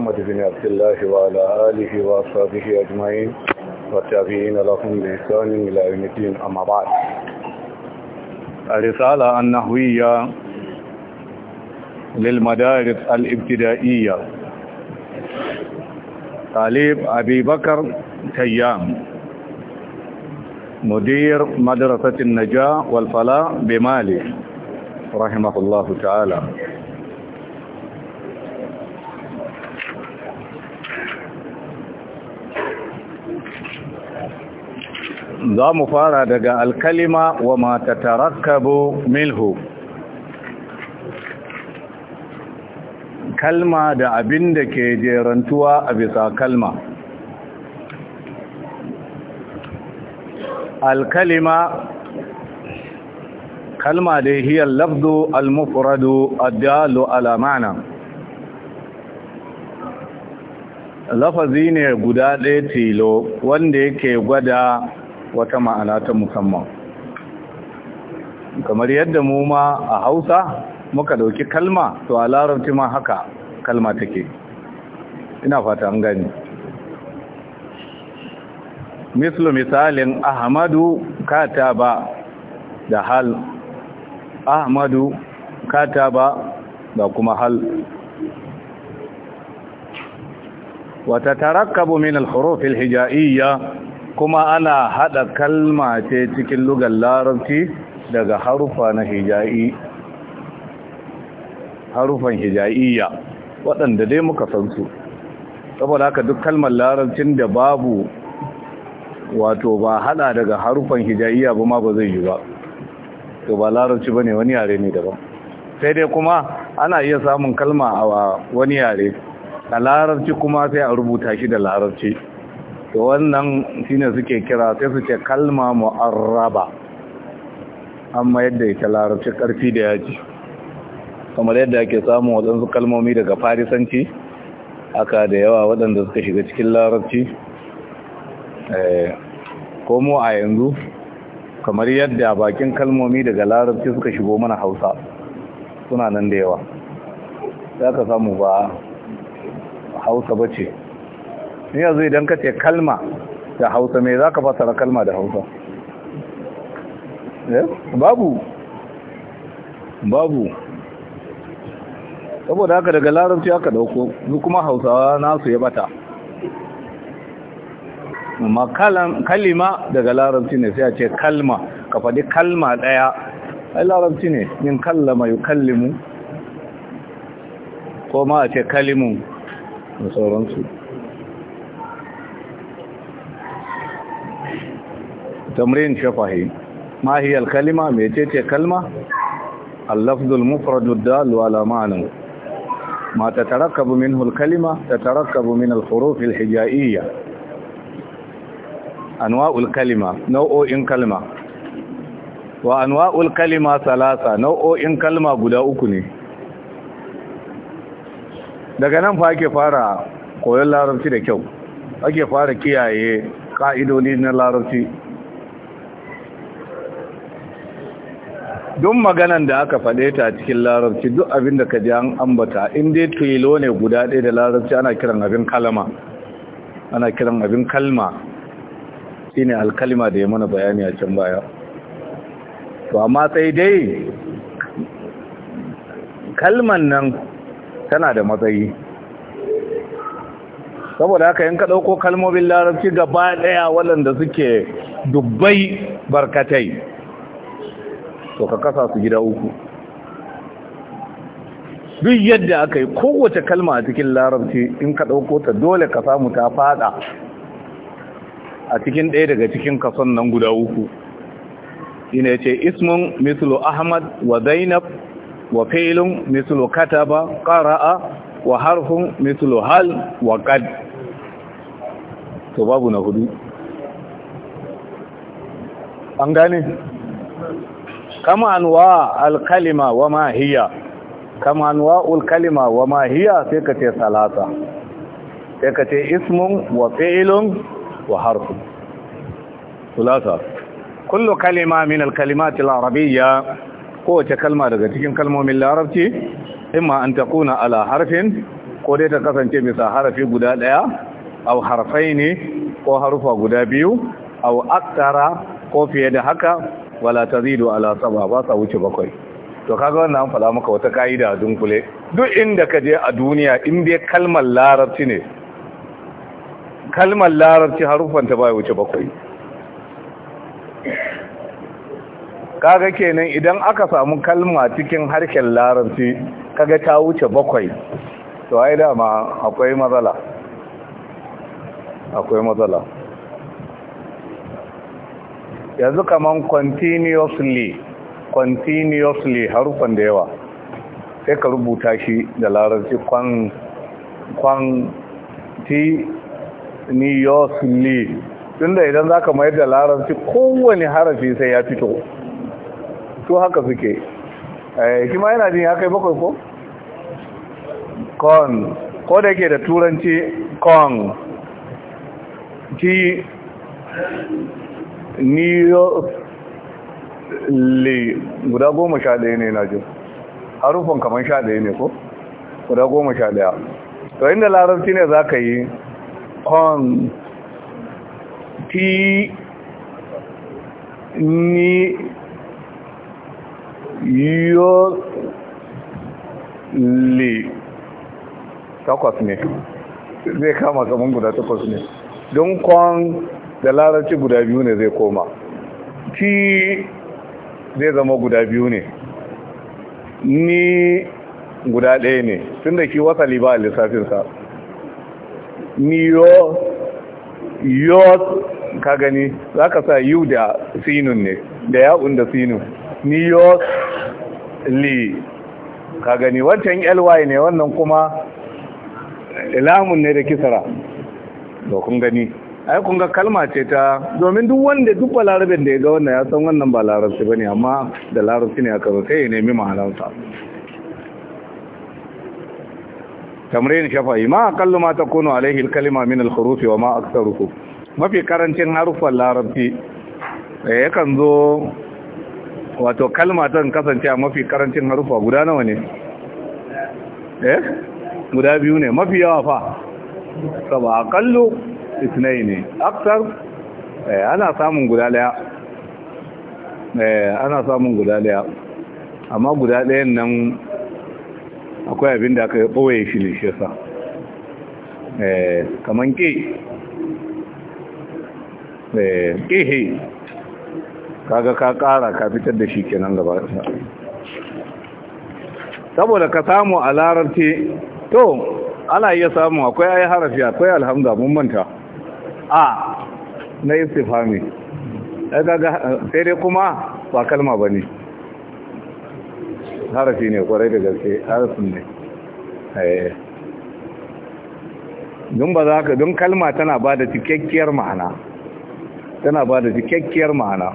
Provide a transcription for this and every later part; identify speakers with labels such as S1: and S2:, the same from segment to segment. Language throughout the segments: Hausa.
S1: محمد بن عبد الله وعلى آله وصحبه أجمعين والتابعين لهم بإحسان إلى يوم الدين أما بعد الرسالة النحوية للمدارس الابتدائية طالب أبي بكر تيام مدير مدرسة النجاة والفلاح بمالي رحمه الله تعالى za mu fara daga alkalima wa mata tarakkabu milhu kalma da abin da ke jerantuwa a bisa kalma alkalima kalma da hiyar lafdu al-mufradu addalu ala alamana. lafazi ne guda ɗaya tilo wanda yake gwada wata ma'ana ta musamman kamar yadda mu ma a hausa muka dauki kalma to a larabci ma haka kalma take ina fata an gani mislu misalin ahmadu kataba da hal ahmadu kataba da kuma hal al من الحروف الهجائية kuma ana haɗa kalma ce cikin lugar larabci daga harufa na hija'i harufan hija'iyya waɗanda dai muka san su saboda haka duk kalmar larabcin da babu wato ba hada daga harufan hija'iyya ba ma ba zai yi ba to ba larabci bane wani yare ne daban sai dai kuma ana iya samun kalma a wani yare a larabci kuma sai a rubuta shi da larabci to wannan shine suke kira sai su ce kalma mu'arraba amma yadda ita larabci karfi da yaji kamar yadda ake samun waɗansu kalmomi daga farisanci aka da yawa waɗanda suka shiga cikin larabci eh, ko mu a yanzu kamar yadda bakin kalmomi daga larabci suka shigo mana hausa suna nan da yawa za ka samu ba hausa bace ni yanzu idan ka ce kalma da hausa mai za ka fasara kalma da hausa eh? babu babu saboda haka daga larabci aka dauko su kuma hausawa nasu ya bata amma kalima daga larabci ne sai a ce kalma ka faɗi kalma ɗaya ai larabci ne yin kallama yi kallimu ko ma a ce kalimun da sauransu tamrin shafahi ma hiya al-kalima mecece kalma al-lafz al-mufrad ad-dal ala ma'na ma tatarakabu minhu al-kalima tatarakabu min al-huruf al-hijaiyya anwa'ul kalima nau'o'in kalma wa anwa'ul kalima salasa nau'o'in kalma guda uku ne daga nan fa ake fara koyon larabci da kyau ake fara kiyaye ka'idodi na larabci duk maganan da aka faɗe ta a cikin larabci duk abin da ka ji an ambata in tuilo ne guda ɗaya da larabci ana kiran abin kalama ana kiran abin kalma ne alkalima da ya mana bayani a can baya to amma sai dai kalman nan tana da matsayi saboda haka yin ka ɗauko kalmomin larabci gaba ɗaya waɗanda suke dubbai barkatai to ka kasa su gida uku duk yadda aka yi kowace kalma a cikin larabci in ka ɗauko ta dole ka samu ta fada a cikin ɗaya daga cikin kason nan guda uku ina ce ismun mislu ahmad wa zainab wa filin mislu kataba ƙara'a wa harfin mislu hal wa ƙad to babu na hudu an gane kama anwa wa ma hiya kama wa ma hiya sai kace salata sai kace ismun wa fi'lun wa harfun salata kullu kalima min alkalimat alarabiyya ko ta kalma daga cikin kalmomin larabci imma an takuna ala harfin ko dai ta kasance bisa harfi guda daya aw ne ko harfa guda biyu aw aktara ko fiye da haka wala tazidu ala saba ba sa wuce bakwai to kaga wannan an faɗa maka wata ka'ida a dunkule duk inda ka je a duniya in dai kalmar larabci ne kalmar larabci harufanta ba wuce bakwai kaga kenan idan aka samu kalma cikin harshen larabci kaga ta wuce bakwai to ai dama akwai matsala akwai matsala yanzu kaman continuously continuously harufan da yawa sai ka rubuta shi da larabci kwan kwan ti niyosli tunda idan za ka mayar da larabci kowane harafi sai ya fito to haka suke eh, shi ma yana jin ya kai bakwai ko? con ko da yake da turanci con ti le guda goma sha daya ne na jin harufan kamar sha daya ne ko guda goma sha daya. to inda larabci ne za ka yi on ti ni le takwas ne zai kama kamar guda takwas ne don kwan da larabci guda biyu ne zai koma ci zai zama guda biyu ne ni guda ɗaya ne tun da ki wasali ba a lissafinsa ni yo yo ka gani za ka sa yu da sinun ne da ya'un da sinun ni yo li ka gani wancan ly ne wannan kuma ilamun ne da kisara da kun gani ai kun ga kalma ce ta domin duk wanda duk ba larabin da ya ga wannan ya san wannan ba larabci ba ne amma da larabci ne aka zo ya nemi mahalansa shafa yi ma aqallu ma kuno alaihi kalima min al wa ma aktharuhu mafi karancin harufan larabci eh, yakan zo wato kalma ta kasance a mafi karancin harufa guda nawa ne eh guda biyu ne mafi yawa fa saba aqallu isnai ne aftar eh, ana samun guda daya eh, ana samun guda daya amma guda dayan nan akwai abin da aka ɓoye shi ne shi sa eh, kaman ke he kaga ka ƙara ka fitar da shi kenan gaba saboda ka samu a larabci to ana iya samu akwai ayi harafi akwai alhamdulillah mun manta a na istifami sai dai kuma ba kalma ba ne harafi ne kwarai da gaske harafin ne eh. don ba za ka don kalma tana ba da cikakkiyar ma'ana tana ba da cikakkiyar ma'ana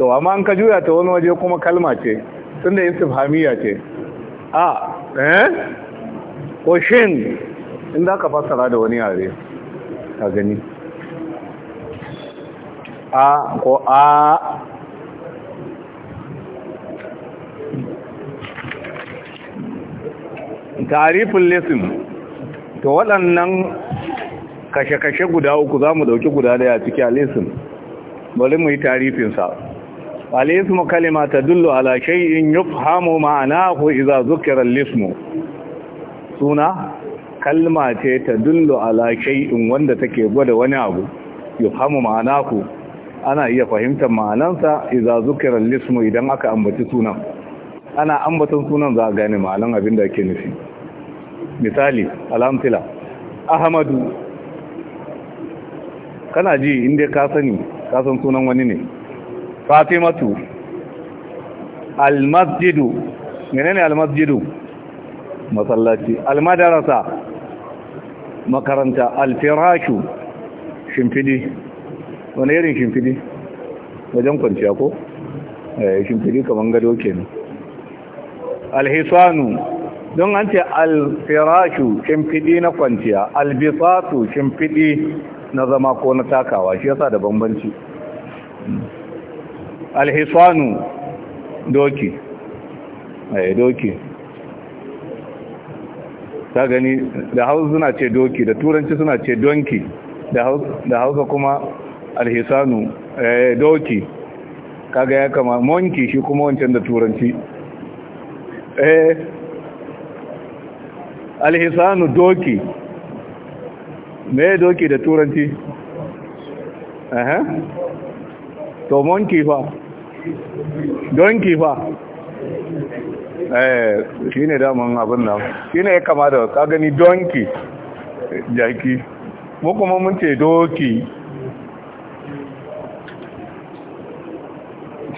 S1: to amma an ka juya ta wani waje kuma kalma ce tun tunda istifhamiya ce a eh ko shin in za ka fassara da wani yare ka gani a ko a tarifin lesson to waɗannan kashe-kashe guda uku za mu ɗauki guda daya ciki a lesson bari mu yi tarifinsa a lesson kalima ta dullo ala shay'in yufhamu ma'ana ko iza zukira lesson suna kalma ce ta dullo ala shay'in wanda take gwada wani abu yufhamu ma'ana ko ana iya fahimtar ma'anansa idza zukira al-ismu idan aka ambaci sunan ana ambaton sunan za a gane ma'anan abin da ake nufi misali alhamdulillah ahmadu kana ji inda ka sani ka san sunan wani ne fatimatu al-masjidu menene al-masjidu masallaci al-madrasa makaranta al-firashu shimfidi wani irin shimfidi wajen kwanciya ko eh, shimfidi kamar gado kenan alhisanu don an ce alfirashu shimfidi na kwanciya albisatu shimfidi na zama ko na takawa shi yasa da bambanci alhisanu doki ai eh, doki ta gani da hausa suna ce doki da turanci suna ce donki da hausa kuma alhisanu eh, doki kaga ya kama monki shi kuma wancan da turanci eh alhisanu doki me doki da turanci eh to monki fa donki fa eh shine daman abin nan shine ya kama da ka gani donki jaki mu kuma mun ce doki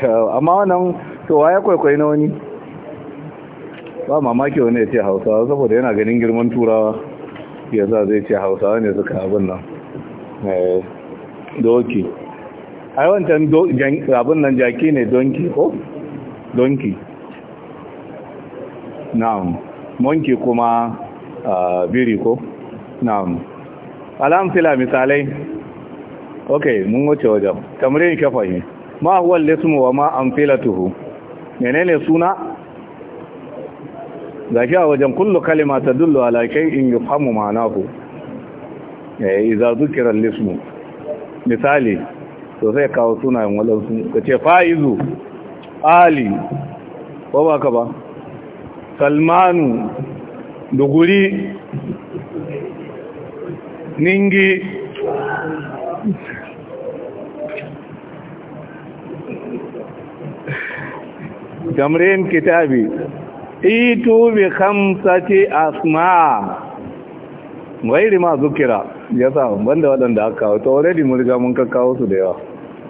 S1: amma wannan to ya kwaikwai na wani ba mamaki wani ya ce hausawa saboda yana ganin girman turawa ya za zai ce hausawa ne suka abin nan eh, doki ai wancan abin nan jaki ne donki ko donki na'am monki kuma biri ko na'am alamfila misalai ok mun wuce wajen tamarin kafa yi. ma huwa lismu wa ma amfilatuhu menene suna gashi a wajen kullu kalima ta dullu ala famu yufhamu ku. eh idza zukira lismu misali to sai kawo sunayen ka ce faizu ali ko ba ka ba salmanu duguri ningi tamrin kitabi itu bi khamsati asma ghairi ma zukira yasa banda wadanda aka kawo to already mun riga mun kakkawo su da yawa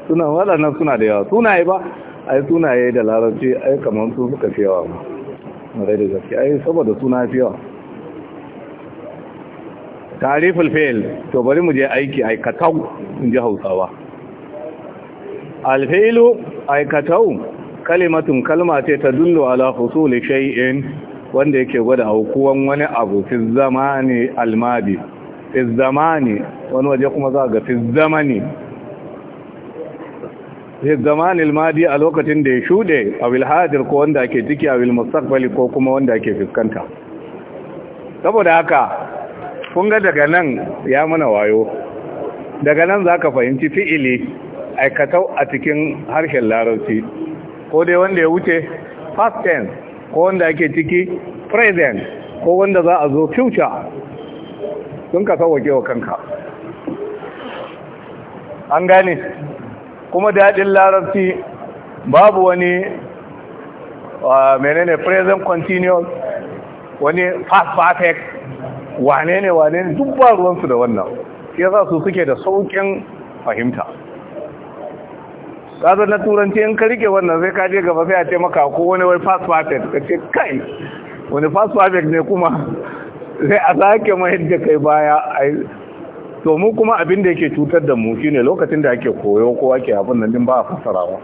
S1: suna wadannan suna da yawa sunaye ba ai sunaye da larabci ai kamar su suka fi yawa ma da gaske ai saboda suna fi yawa tariful fail to bari mu je aiki aikatau in ji hausawa al alfailu aikatau kalimatun kalma ce ta dullo ala husuli shay'in wanda yake gwada aukuwan wani abu fi zamani almadi fi zamani wani waje kuma za ga fi zamani fi zamani almadi a lokacin da ya shude a wilhadir ko wanda ke ciki a wilmustaqbali ko kuma wanda ke fuskanta saboda haka kun ga daga nan ya mana wayo daga nan za ka fahimci fi'ili aikatau a cikin harshen larabci ko dai wanda ya wuce past tense ko wanda ake ciki present ko wanda za a zo future sun ka sauwake wa kanka an gane kuma daɗin larabci babu wani menene present continuous wani past perfect wane ne wane ne duk ba ruwansu da wannan ya za su suke da saukin fahimta kaza na turanci in ka rike wannan sai ka je gaba sai a taimaka, ko wani wai fast perfect ka ce kai wani fast perfect ne kuma sai a sake mayar da kai baya to mu kuma abin da yake cutar da mu shine lokacin da ake koyo ko ake abin nan din ba a fassarawa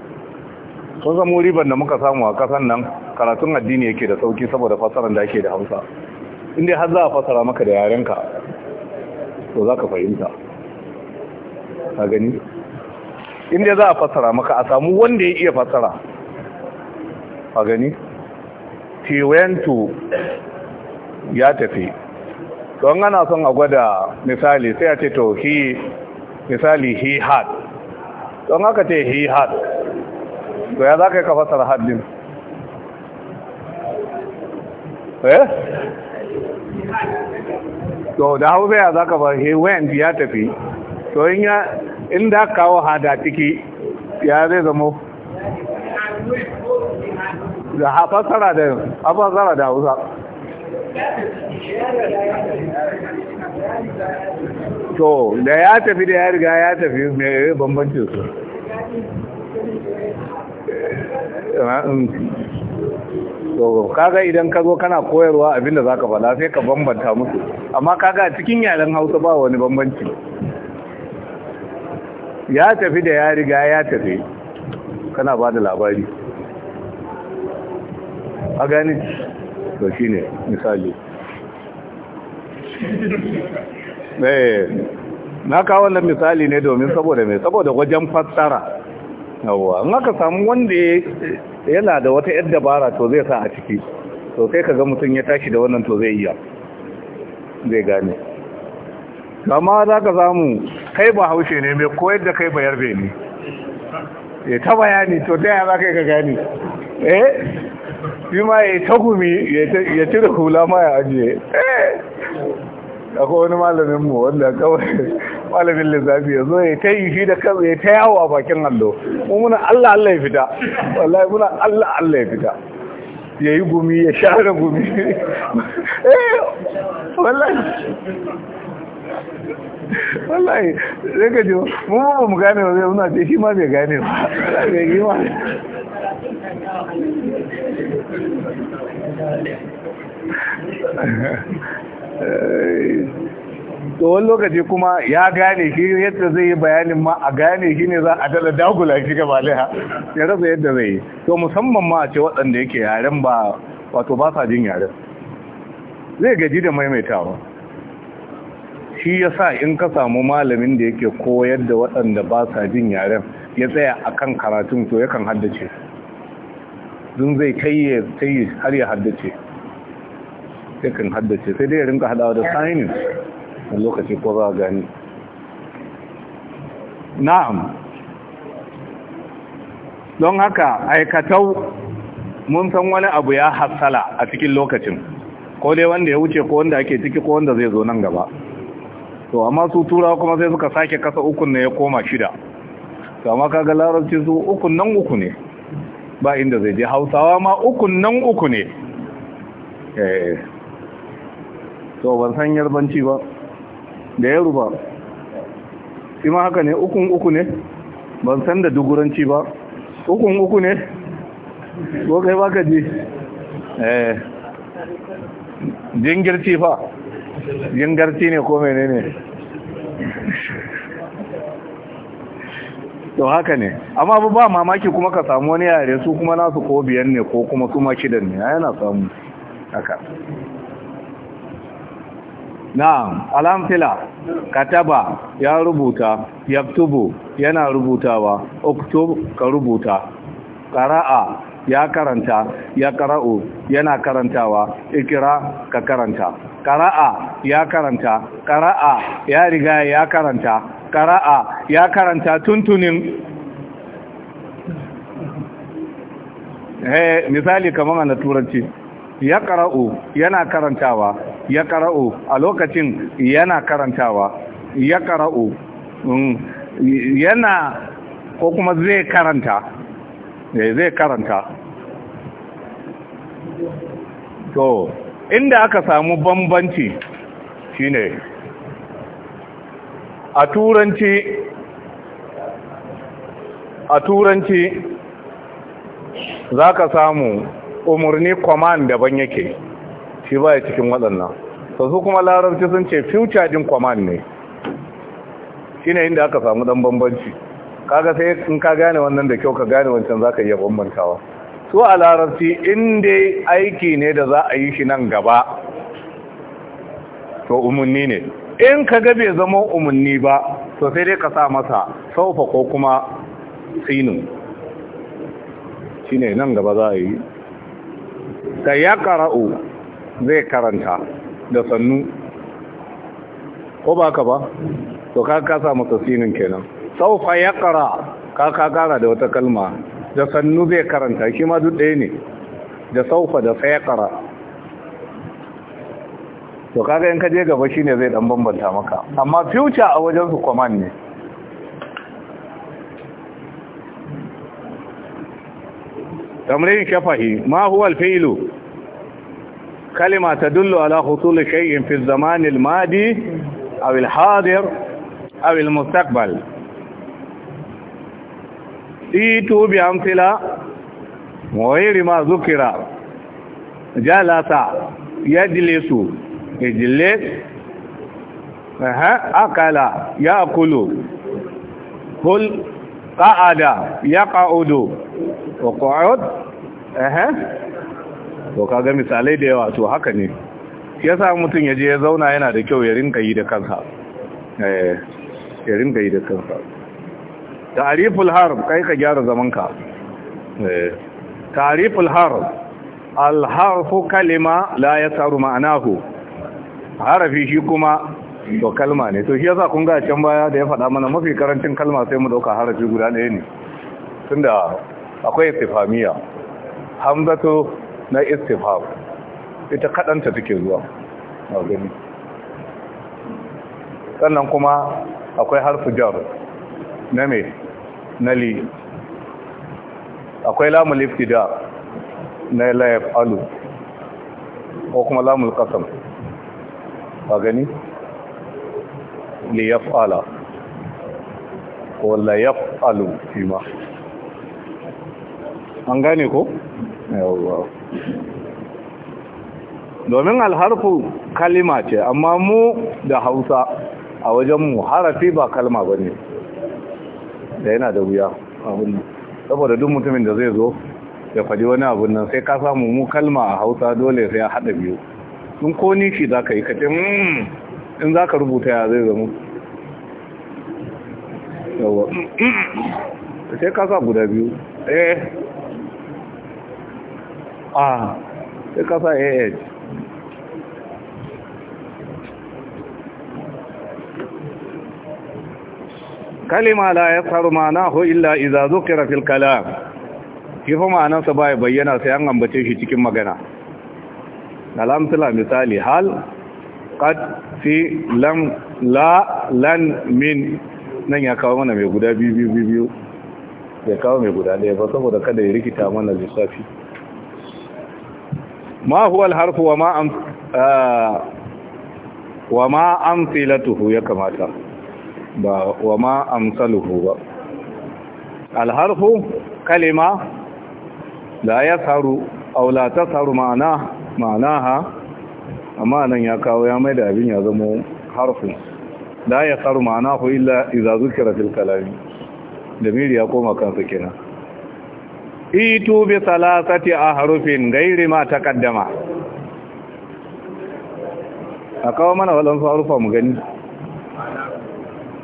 S1: kun samu riban da muka samu a kasan nan karatun addini yake da sauki saboda fassarar da ake da Hausa inda har za a fassara maka da yarenka to za ka fahimta a gani inda za a fasara maka a samu wanda ya iya fasara a gani tiwentu ya tafi don ana son a gwada misali sai a ce to he misali he had don haka ce he had to ya za ka yi ka fasara haddin eh to da hausa ya za ka ba he went ya tafi to in ya inda kawo hada ciki ya zai zamo da hafasara da hafasara da hausa to da ya tafi da ya riga ya tafi mai bambanci su to kaga idan ka zo kana koyarwa abinda ka faɗa sai ka bambanta musu amma kaga cikin yaren hausa ba wani bambanci ya tafi da ya riga ya tafi kana ba da labari a gani to shi ne misali eh, na kawo wannan misali ne domin saboda mai saboda wajen fassara yawwa in aka samu wanda yana da wata yadda dabara to zai sa a ciki to sai ka ga mutum ya tashi da wannan to zai iya zai gane amma za ka zamu kai ba haushe ne mai koyar da kai bayar bai ne ya ta bayani to ta yaba kai ka gani eh shi ma ya ta gumi ya cire hula ma ya ajiye
S2: eh,
S1: akwai wani malamin mu wanda kawai malamin lissafi ya zo ya ta yi shi da kansa ya ta yawo a bakin allo mu muna Allah Allah ya fita wallahi muna Allah Allah ya fita ya yi gumi ya share gumi
S2: eh wallahi
S1: wallahi sai ka ji mu ba mu gane ba zai muna ce shi ma bai gane ba bai gima to wani lokaci kuma ya gane shi yadda zai yi bayanin ma a gane shi ne za a dala dagula shi gaba baliha ya rasa yadda zai yi to musamman ma a ce waɗanda yake yaren ba wato ba sa jin yaren zai gaji da maimaitawa shi ya sa in ka samu malamin da yake koyar da waɗanda ba sa jin yaren ya tsaya a kan karatun to yakan haddace zun zai kai ya tsaye har ya haddace yakan haddace sai dai ya rinka haɗawa da sainin a lokaci ko za a gani na'am don haka aikatau mun san wani abu ya hassala a cikin lokacin ko dai wanda ya wuce ko wanda ake ciki ko wanda zai zo nan gaba to amma su turawa kuma sai suka sake kasa ukun ne ya koma shida to amma kaga larabci su ukun nan uku ne ba inda zai je hausawa ma ukun nan uku ne eh, eh. to ban san yarbanci ba da yaruba shi ma haka ne ukun uku ne ban san da duguranci ba ukun uku ne ko kai baka ji eh jingirci fa garci ne ko menene to haka ne amma ba mamaki kuma ka samu wani yare su kuma nasu ko biyan ne ko kuma su da ne yana samu haka Na. alamfila kataba ya rubuta yaktubu yana rubutawa uktub ka rubuta ƙara'a ya karanta ya kara'u yana karantawa Ikira, ka karanta Karaa, ya karanta Karaa, ya riga ya karanta Karaa, ya karanta tuntunin hey, eh, misali kamar na turanci ya kara'u yana karantawa ya kara'u a lokacin yana karantawa ya mm. yana ko kuma zai karanta ne eh, zai karanta to inda aka samu bambanci shine a turanci a turanci za ka samu umarni command daban yake shi baya cikin waɗannan so su kuma larabci sun ce future din command ne shine inda aka samu ɗan bambanci kaga sai in ka gane wannan da kyau ka gane wancan zaka iya bambantawa su a larabci in aiki ne da za a yi shi nan gaba to umunni ne in ka ga bai zama umunni ba to sai dai ka sa masa saufa ko kuma sinin shine nan gaba za a yi ta ya kara'u zai karanta da sannu ko ba ka ba to ka kasa masa sinin kenan saufa ya ƙara ka ka ƙara da wata kalma da sannu zai karanta shi ma duk ɗaya ne da saufa da sai ya ƙara to kaga yin kaje je gaba shi ne zai ɗan bambanta maka amma future a wajen su kwaman ne tamrin shafahi ma huwa alfilu kalima tadullu ala husul shay'in fi az madi aw al a aw itu bi amfila wairi ma zukira jalasa yajlisu ijlis aha akala yaakulu kul qa'ada yaq'udu uq'ud aha to kaga misalai da yawa to haka ne sa mutum yaje ya zauna yana da kyau ya rinka yi da kansa ya rinka yi da kansa ta'riful harf kai ka gyara zaman ka eh, ta'riful harf al kalima la yasaru ma'anahu harafi shi kuma to kalma ne to shi yasa kun ga can baya da ya faɗa mana mafi karancin kalma sai mu dauka harafi guda ɗaya ne tunda akwai istifamiya hamzatu na istifam ita kadanta take zuwa a gani sannan kuma akwai harfu jar na me na li akwai lamun liftida na layaf alu ko kuma lamun kasam a gani liyaf ala ko layaf alu fima an gane ko? yawon domin alharfu kalima ce amma mu da hausa a wajenmu harafi ba kalma ba ne da yana da wuya saboda duk mutumin da zai zo ya faɗi wani abun nan sai ka samu mu kalma a hausa dole sai ya haɗa biyu in ko nishi za ka yi kace hmm, in za ka rubuta ya zai zama yawa hmm, hmm. sai ka sa guda biyu eh ah sai ka sa ah kalima la ya tsaro ho illa iza zukira fil kalam shi fa ma'anarsa ba ya bayyana sai an ambace shi cikin magana alamtula misali hal qad fi lam la lan min nan ya kawo mana mai guda biyu biyu biyu ya kawo mai guda ɗaya ba saboda kada ya rikita mana lissafi ma huwa alharfu wa ma am ah, wa ma amsilatuhu ya kamata ba wa ma amsaluhu ba alharfu kalima la saru aw la tasharu ma'ana ma'anaha amma nan ya kawo ya mai da abin ya zama harfu la yasharu ma'anahu illa idza zukira fil kalami damir ya koma kansa kenan itu bi salasati ahrufin gairi ma taqaddama akawo mana walan harufa mu gani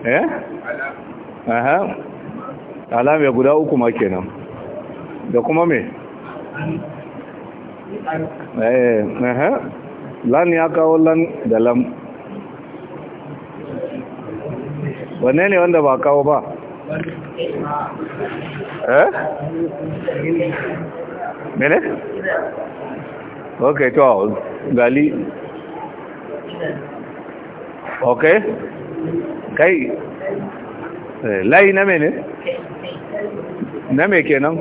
S2: eh alam ya guda uku ma kenan da
S1: kuma me eh lan ya kawo lan da lam wanne ne wanda ba kawo ba
S2: eh mene
S1: ok to gali ok kai eh, layi na mene na me kenan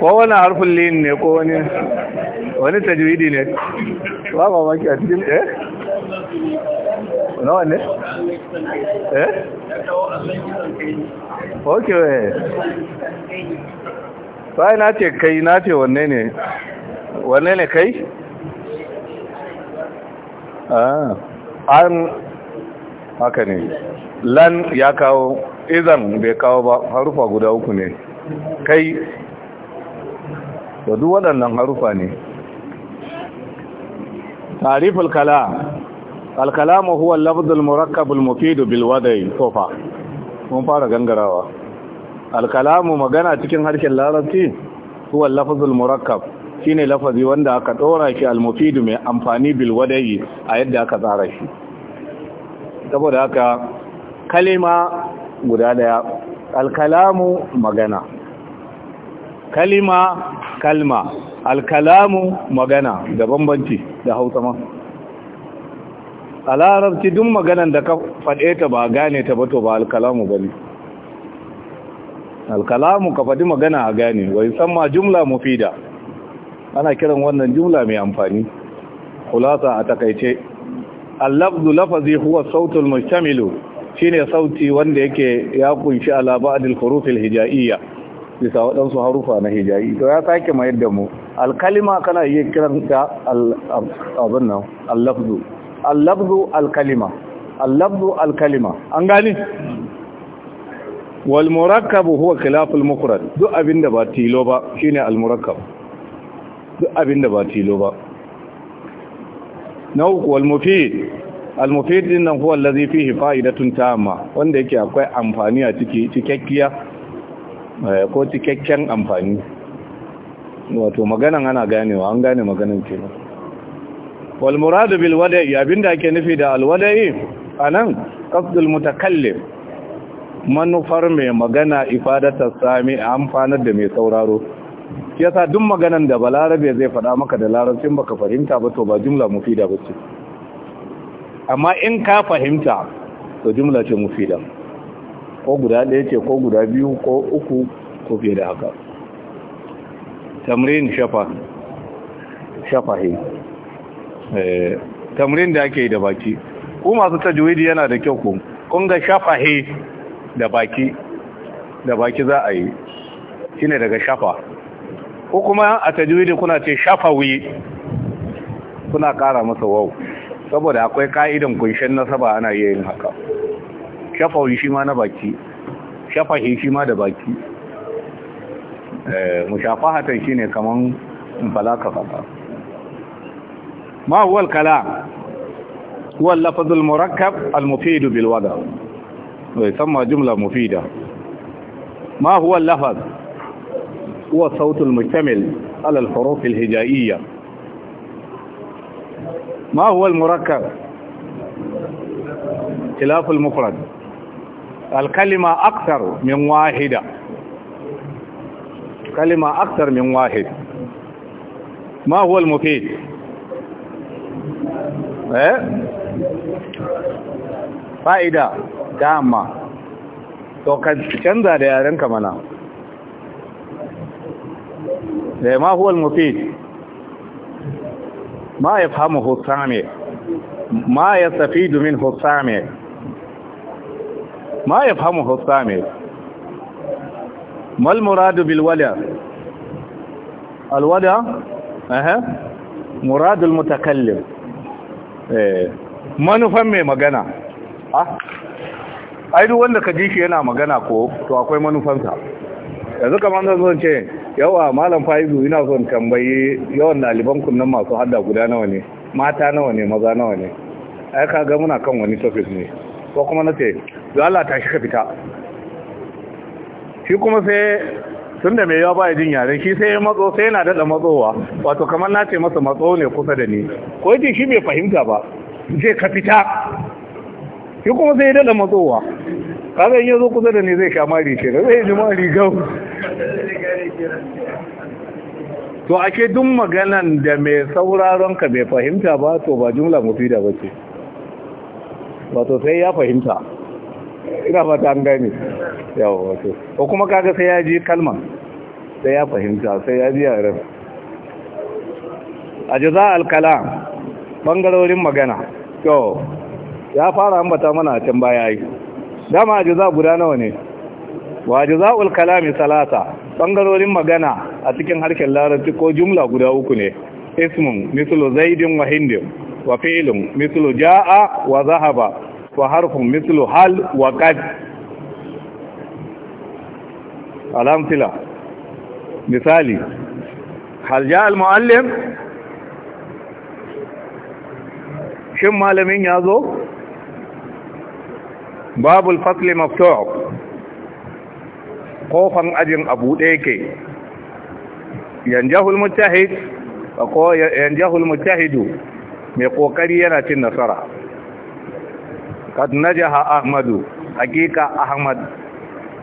S1: ko wani harfin lin ne ko wani wani tajwidi ne ba ba maki a cikin ɗaya? Eh?
S2: Na ne eh
S1: ok sai eh. na ce kai na ce wanne ne wanne ne kai ah an haka ne lan ya kawo izan bai kawo ba harufa guda uku ne kai da duk waɗannan harufa ne tarif alkala ma huwa lafzul murakkabul mufidu bil wadai sofa mun fara gangarawa alkalamu magana cikin harshen larabci huwa lafzul murakkab shine lafazi wanda aka dora shi al-mufidu mai amfani bil a yadda aka tsara shi saboda haka kalima guda daya al-kalamu magana kalima kalma al-kalamu magana da bambanci da Hausa ma a larabci duk maganan da ka faɗe ta ba gane ta ba to ba al-kalamu bane alkalamu ka faɗi magana a gane wai ma jumla mufida ana kiran wannan jumla mai amfani kulasa a takaice al-lafzu lafazi huwa sautul mustamilu shine sauti wanda yake ya kunshi ala huruf al hijaiyya bisa waɗansu harufa na hijayi to ya sake mayar da mu al-kalima kana iya kiran ta abin nan al-lafzu al-lafzu al-kalima al-lafzu al-kalima an gani? wal murakkab huwa khilaf al-mufrad duk abinda ba tilo ba shine al-murakkab duk abin da ba tilo ba na uku al-mufid al-mufid din nan huwa allazi fihi fa'idatun tamma wanda yake akwai amfani a ciki cikakkiya eh, ko cikakken amfani wato maganan ana ganewa an gane maganan kenan wal muradu bil wada'i abinda ake nufi da al wada'i anan qasdul mutakallim manufar mai magana ifadatar sami amfanar da mai sauraro ya yasa duk maganan da balarabe zai faɗa maka da larabcin baka fahimta ba to ba jumla mufida ba ce amma in ka fahimta to jumla ce mufida ko guda ɗaya ce ko guda biyu ko uku ko fiye da haka tamrin shafahi eh, tamrin da ake yi da baki ku masu tajwidi yana da kyau ku kun ga shafahi da baki da baki za a yi shine daga shafa ko kuma a tajwidi kuna ce shafawi kuna kara masa wau saboda akwai ka'idan kunshen nasaba ana iya yin haka shafawi shi ma na baki shafahi shi ma da baki eh, mushafahatan shine kaman balaka fata ma huwa al-kalam huwa al-lafz al-murakkab al-mufid bil wada' wa yusamma jumla mufida ma huwa al-lafz هو الصوت المشتمل على الحروف الهجائية ما هو المركب خلاف المفرد الكلمة أكثر من واحدة كلمة أكثر من واحد ما هو المفيد إيه؟ فائدة تامة تو كان canza da yarenka mana da eh, ma huwal mufid ma ya fahimu hussami
S2: ma ya safi domin
S1: hussami ma ya fahimu hussami mal muradu bil wada alwada aha muradul mutakallim eh, manufan mai magana ah ai duk wanda ka ji shi yana magana ko to akwai manufansa yanzu kamar da zan ce yawa malam faizu ina son tambayi yawan ɗaliban kunnan masu hadda guda nawa ne mata nawa ne maza nawa ne ai ka ga muna kan wani tafis ne ko kuma na ce da Allah ta shi ka fita shi kuma sai tun da mai yawa ba ya jin yaren shi sai matso sai yana daɗa matsowa wato kamar na ce masa matso ne kusa da ni ko yake shi bai fahimta ba je ka fita shi kuma sai ya daɗa matsowa kaga in zo kusa da ni zai sha mari da zai ji mari ga to ake dun maganan da mai sauraron ka bai fahimta ba to ba jumla mufida ba ce wato sai ya fahimta ina fata an gani yawa wato ko kuma kaga sai ya ji kalma sai ya fahimta sai ya ji yaran a jaza alkalam bangarorin magana to ya fara ambata mana a can baya yi dama ajiza guda nawa ne wa ajza'ul kalami salasa bangarorin magana a cikin harshen larabci ko jumla guda uku ne ismun mislu zaidin wa hindin wa fi'lun mislu ja'a wa zahaba wa harfun mislu hal wa qad alamsila misali hal ja'a al-muallim shin malamin ya zo babul fasli maftuh kofan ajin abu ɗaya ke yanjahul mujtahid ko yanjahul mujtahidu mai kokari yana cin nasara kad najaha ahmadu hakika ahmad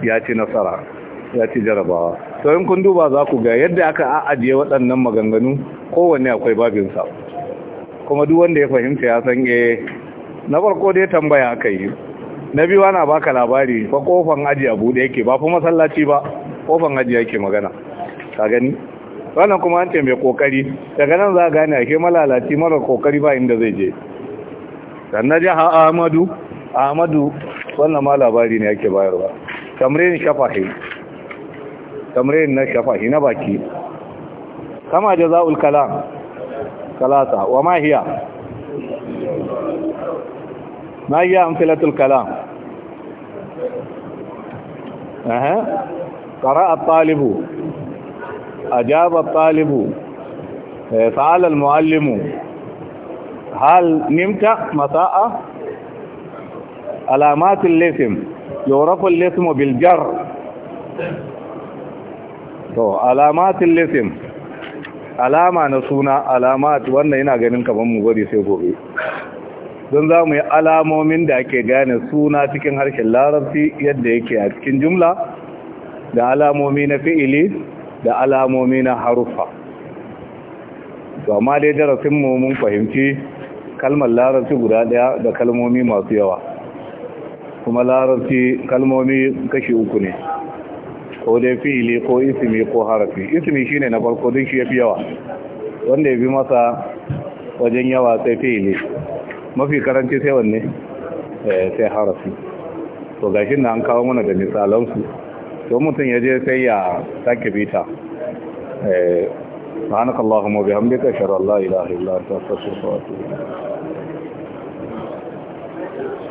S1: ya ci nasara ya ci jarabawa to in kun duba za ku ga yadda aka ajiye waɗannan maganganu kowanne akwai babinsa kuma duk wanda ya fahimta ya san eh na farko dai tambaya aka yi na biyu ana baka labari fa kofan aji abu da yake ba fa masallaci ba kofan aji yake magana ka gani wannan kuma an ce mai kokari daga nan za a gane ake malalaci mara kokari ba inda zai je sannan jiha ahmadu ahmadu wannan ma labari ne yake bayarwa tamrin shafahi tamrin na shafahi na baki kama jaza'ul kalam kalasa wa ma hiya ما هي أمثلة الكلام أه. قرأ الطالب أجاب الطالب فعل المعلم هل نمت مساء علامات الاسم يعرف الاسم بالجر علامات alamatin lisim alama علامات suna alamat wannan yana ganin kaman mu don za mu yi alamomin da ake gane suna cikin harshen larabci yadda yake a cikin jumla da alamomi na fi'ili da alamomi na haruffa. to amma dai darasinmu mun fahimci kalmar larabci guda daya da kalmomi masu yawa kuma larabci kalmomi kashi uku ne ko dai fi'ili ko isimi, ko harafi Isimi shine na farko din shi yafi yawa wanda ya fi masa wajen yawa sai fi'ili mafi karanci sai wanne eh, sai harafi to shi na an kawo mana da misalansu to mutum ya je sai ya sake bita سبحانك اللهم وبحمدك اشهد ان ilaha illa الا